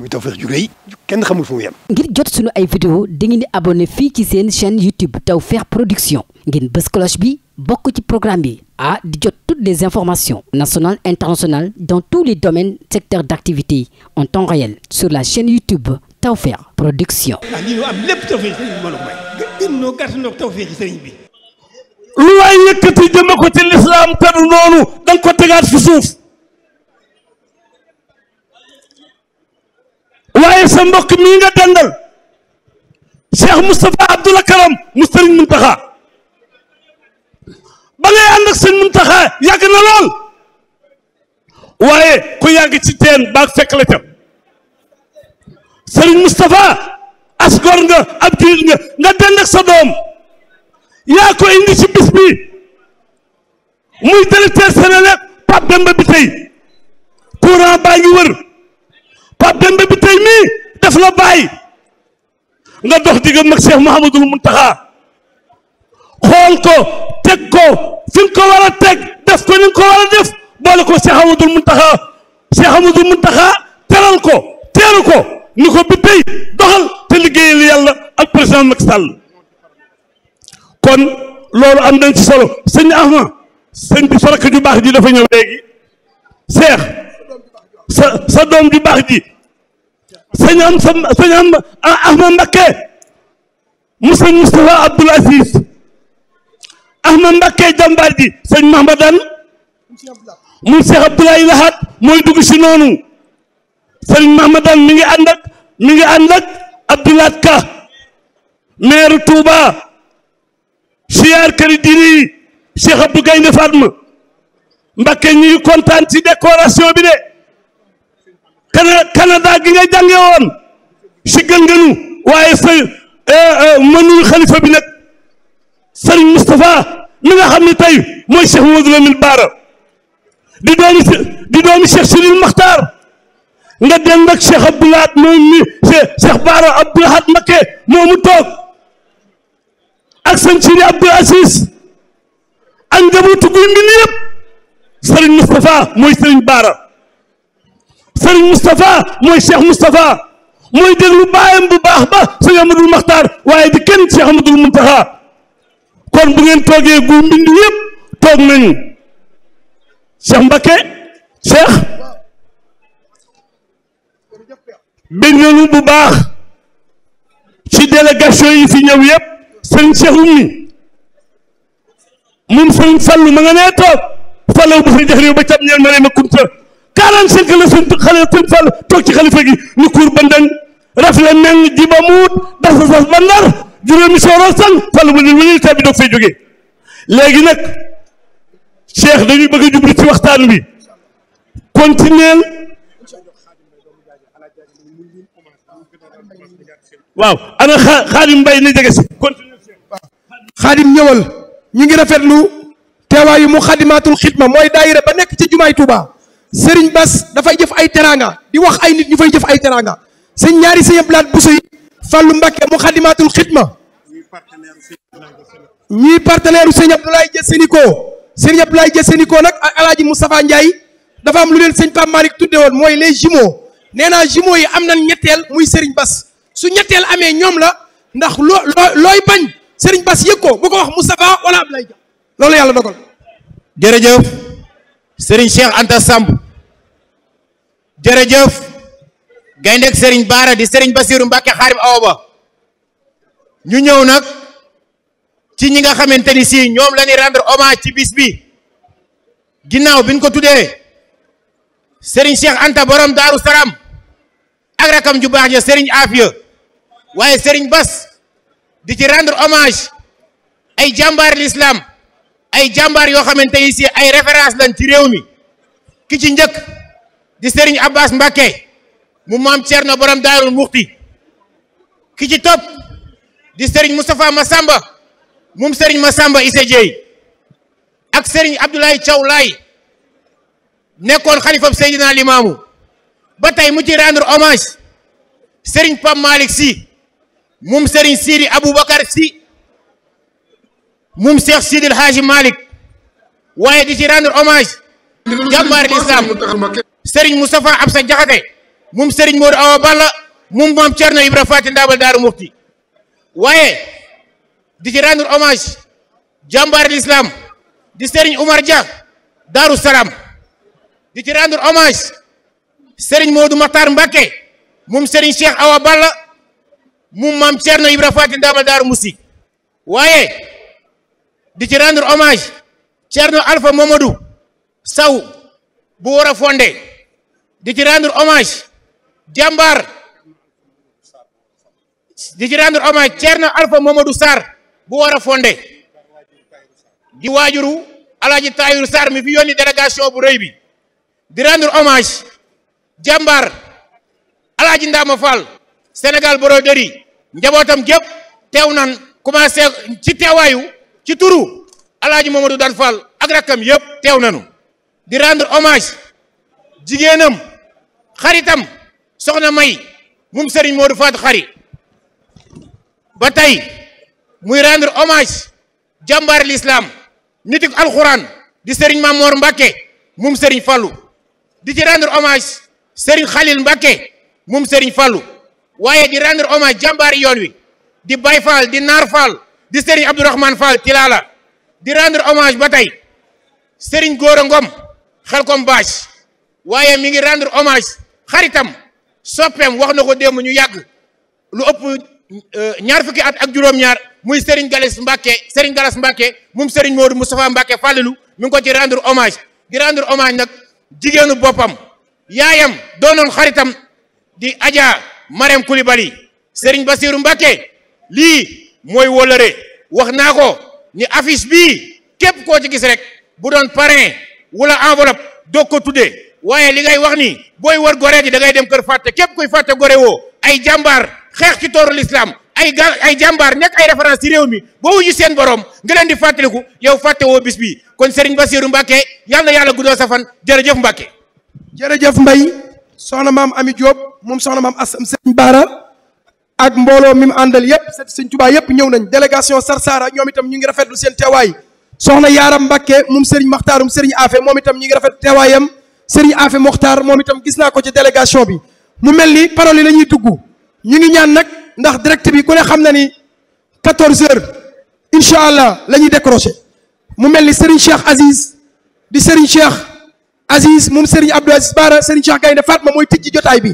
muy Tawfekh ju rëy kenn xamul fu mu yem. ngir jot sunu ay vidéo dangeen di abonné fii ci seen chaîne YouTube Tawfekh Production ngeen bës bi bokk ci programme bi ah di jot toutes les informations nationales internationales dans tous les domaines secteurs d'activité en temps réel sur la chaîne YouTube Tawfekh Production. ah lii ñu am lu waay yëkkati jëme ko ci lislaam te noonu da ko tegaat fi suuf. waaye sa mbokk mii nga dendal Cheikh Moustapha Abdoul Karam mu sëriñ Muntaxa ba ngay ànd ak sëriñ Muntaxa yàgg na lool waaye ku yàgg ci teen baag fekk la ca sëriñ Moustapha asgor nga ab jullit nga nga dend sa doom yaa ko indi ci bis bi muy directeur Senelec Pape Demba bi tey courant baa ngi wër Pape Demba bi tey mii def la bàyyi nga dox digga mag Cheikh Mouhamadul Muntaxa xool ko teg ko fi nga ko war a teg def ko ni ko war a def boole ko Cheikh Amadul Muntaxa teral ko teeru ko ni ko bi tey doxal te liggéeyal yàlla ak président Macky kon loolu am nañ ci solo sëñ Ahma sëñ bi soraka ju baax ji dafa ñëw léegi Cheikh sa sa doom ju baax ji sëñ am sa sëñ am Ahmad Mbakke mu sëñ Moustapha Abdoul Aziz Ahmad Mbakke jàmbaar ji sëñ Mahamadan mu Cheikh Abdoulaye Lahat mooy dugg si noonu sëñ Mahamadan mi ngi ngi ànd ak Abdoulaat Ka maire Touba siyaar këri diini yi Cheikh Gaynde Fatma Mbakke ñu ngi kontaan ci bi de Canada gi nga jànge woon siggal waaye sa eh, eh, mënul xalifa bi nag Serigne Moustapha mi nga xam ne tey mooy Cheikh Mouhamadou Lamine Bara di doomi di doomi Cheikh Sidil Makhtar nga den nag Cheikh Abdou Lahad moom mi Cheikh Bara Abdou Lahad Mbacké moomu toog ak sëñ Sidi Abdoul Aziz mooy Serigne Bara Serigne Moustapha mooy Cheikh Moustapha mooy déglu baayam bu baax ba sëñ Amadou Maxtaar waaye di kenn Cheikh Amadou Muntaha kon bu ngeen toogee gu mbind yëpp toog nañu Cheikh Mbakke Cheikh bég nañu bu baax ci délégation yi fi ñëw yëpp sëñ Cheikh Oumy moom sëñ Fallu ma nga nee toog Fallu bu sëñ Jaxriw ba cam ñeel ma ne ma kunta 45 la sëñ xale sëñ Fall toog ci xalifa gi ñu kuur ba ndañ rafet na ne muut das na sas ba ndar juróomi sooroon sang Fall bu ne lu ñuy tàbbi doog fay jógee léegi nag Cheikh dañuy bëgg a jublu ci waxtaan bi continuer waaw ana Xaadim Mbay na jege si continuer Xaadim ngi rafet ngi rafetlu teewaayu mu xadimaatul xidma mooy daayira ba nekk ci jumaay Tuubaa Serigne Bass dafay jëf ay teraanga di wax ay nit ñu fay jëf ay teraanga sëñ ñaari sëñ Abdou Lahad Bousso yi Fallou Mbacké mu xadimatul xidma ñuy partenaire u sëñ Abdoulaye Dia Sénico sëñ Abdoulaye Dia Sénico nag ak alaaji Moustapha Ndiaye dafa am lu leen sëñ Pape Malick tudde woon mooy les jumeaux neena naa yi am na ñetteel muy Serigne Bass su ñetteel amee ñoom la ndax loo looy bañ Serigne Bass yëg ko bu ko wax Moustapha wala Abdoulaye Dia loolu yàlla dogal jërëjëf Serigne Cheikh Anta Samb jërëjëf gaynde Serigne Baara di Serigne Bassirou Mbacke xaarib awa ñu ñëw nag ci ñi nga xamante ni si ñoom lañuy ñuy rendre hommage ci bis bi ginnaaw biñ ko tuddee Serigne Cheikh Anta borom Daaru Saram ak ju baax ja Serigne Afia waaye Serigne bas di ci rendre omage ay jàmbaari l'islam ay jàmbaar yoo xamante ni si ay référence lañ ci réew mi ki ci njëkk di Serigne Abbas Mbacké mu maam Thierno borom Daarul Muxti ki ci topp di ma Moustapha Massamba moom ma Massamba Issa Dieye ak Serigne Abdoulaye Thiaw Laye xalifa xalifab Seydina Limaamu ba tey mu ci rendre hommage Serigne Pape Malick Sy moom Serigne Sidi Aboubacar Sy moom Cheikh Sidil Hadji Malick waaye di ci rendre hommage jàmbaari l'islam Serigne Moustapha Absa Jaxate moom Serigne Modou Awa Balla moom maam Thierno Ibra Faty Ndaabal Daaru Muxti waaye di ci rendre hommage jàmbaari l'islam di Serigne Oumar Dia Daaru di ci rendre hommage Serigne Modou Makhtar Mbacké moom Serigne Cheikh Awa Balla moom maam Thierno Ibra Faty Ndaabal Daaru Muxti waaye di ci rendre hommage Thierno Alpha Mamadou Sow bu war a di ci rendre hommage jàmbaar di ci rendre hommage Thierno Alpha Mamadou Sarr bu war a di waajuru Alaaji Tayiru Sarr mi fi yónni délégation bu rëy bi di rendre omage jàmbaar Alaaji Ndama Fall Sénégal Broderie njabootam gépp teew nan commencé ci teewaayu ci turu alaaji Mamadou Daan Fall ak rakkam yëpp teew nanu di rendre hommage jigéenam xaritam soxna May moom Serigne Modou Fatou Khary ba tey muy rendre hommage jàmbaar l'islam nituk alxuraan di Serigne Mamor Mbacke moom Serigne Fallou di ci rendre omage Serigne Khalil Mbacke moom Serigne Fallou waaye di rendre omage jàmbaari yoon wi di Baye Fall di Naar Fall. di Serigne Abdourahmane Fall Tilala di rendre omage ba tey Serigne Gora Ngom Xelcom waaye mi ngi rendre hommage xaritam soppeem wax na ko démb ñu yàgg lu ëpp euh, ñaar fukki at ak juróom-ñaar muy Serigne Galas Mbacke Serigne Galas Mbacke moom Serigne Modou Moustapha Mbacke Fallilou mi ngi ko ci rendre di rendre hommage nag jigéenu boppam yaayam doonoon xaritam di Adja Marème Coulibaly Serigne Bassirou Mbacke lii. mooy re wax naa ko ni affiche bi képp koo ci gis rek bu doon parrain wala enveloppe doog ko tuddee waaye li ngay wax ni booy war goree di da ngay dem kër fàtte képp kuy fàtte gore woo ay jàmbaar xeex ci tooru lislaam ay ga ay jàmbaar nekk ay référence ci réew mi ba wuyu seen boroom nga leen di fàttaliku yow fàtte woo bis bi kon Serigne Bassirou Mbacke yal na yàlla guddoo sa fan jërëjëf Mbacke. jërëjëf Mbaye soxna maam Ami Diop moom soxna maam Assane Serigne Bara ak mbooloo mi mu àndal yépp seeti sëñ Tuubaa yépp ñëw nañ délégation Sarsara ñoom itam ñu ngi rafetlu seen teewaay soxna Yaaram Mbàkke moom seriñ Maxtaarum sëriñ Afe moom itam ñu ngi rafetlu teewaayam sëriñ Afe Moxtaar moom itam gis naa ko ci délégation bi mu mel ni parole yi la ñuy dugg ñu ngi ñaan nag ndax direct bi ku ne xam na ni 14 heures incha allah la ñuy décroché mu mel ni sëriñ Cheikh Aziz di sëriñ Cheikh Aziz moom sëriñ Abdou Aziz Baara sëriñ Cheikh Gaynde Fatma mooy tijji jotaay bi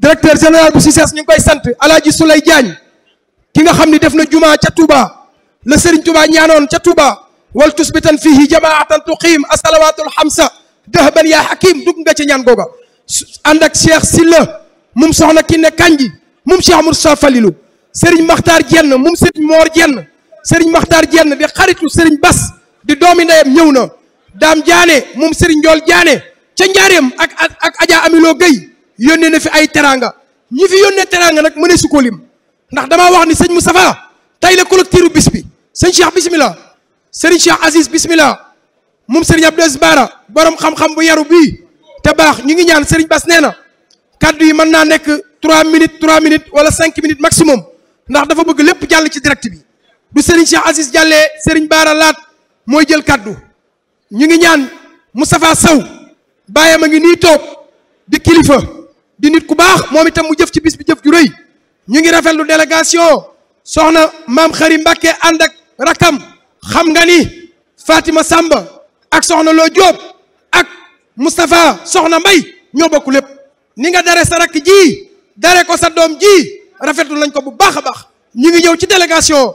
directeur général bu CICES ñu ngi koy sant El Hadj Souley Diagne ki nga xam ni def na juma ca Touba la Serigne Touba ñaanoon ca Touba wal tusbitan fihi jamaatan tuqiim asalawatul xamsa dëhban yaa hakim dugg nga ci ñaan googa ànd ak Cheikh Silla mum soxna ki ne kanji mum Cheikh Moussa Falilou Serigne Makhtar Jenn mum Serigne Mor Jenn Serigne Makhtar Jenn di xaritu Serigne Bass di doomi ndeyam ñëw na Dame Diané mum Serigne Ndiol Diané ca njaareem ak ak Adja Amilo yónnee na fi ay teraanga ñi fi yónnee teraanga nag mënee su ko lim ndax damaa wax ni sëñ Moustapha tey la collecteur bis bi sëñ Cheikh bismillah sëriñ Cheikh Aziz bismillah moom sëriñ Abdou Aziz Bara borom xam-xam bu yaru bii te baax ñu ngi ñaan sëriñ Bass nee na kaddu yi mën naa nekk 3 minutes 3 minutes wala 5 minutes maximum ndax dafa bëgg lépp jàll ci direct bi du sëriñ Cheikh Aziz jàllee sëriñ Bara laat mooy jël kaddu ñu ngi ñaan Moustapha Sow bàyyam a ngi nii toog di kilifa. di nit ku baax moom itam mu jëf ci bis bi jëf ju rëy ñu ngi rafetlu délégation soxna maam xari Mbàkke ànd ak rakam xam nga ni Fatima Samba ak soxna Lo Diop ak Moustapha soxna Mbay ñoo bokk lépp ni nga dare sa rakk ji dare ko sa doom ji rafetlu nañ ko bu baax a baax ñu ngi ñëw ci délégation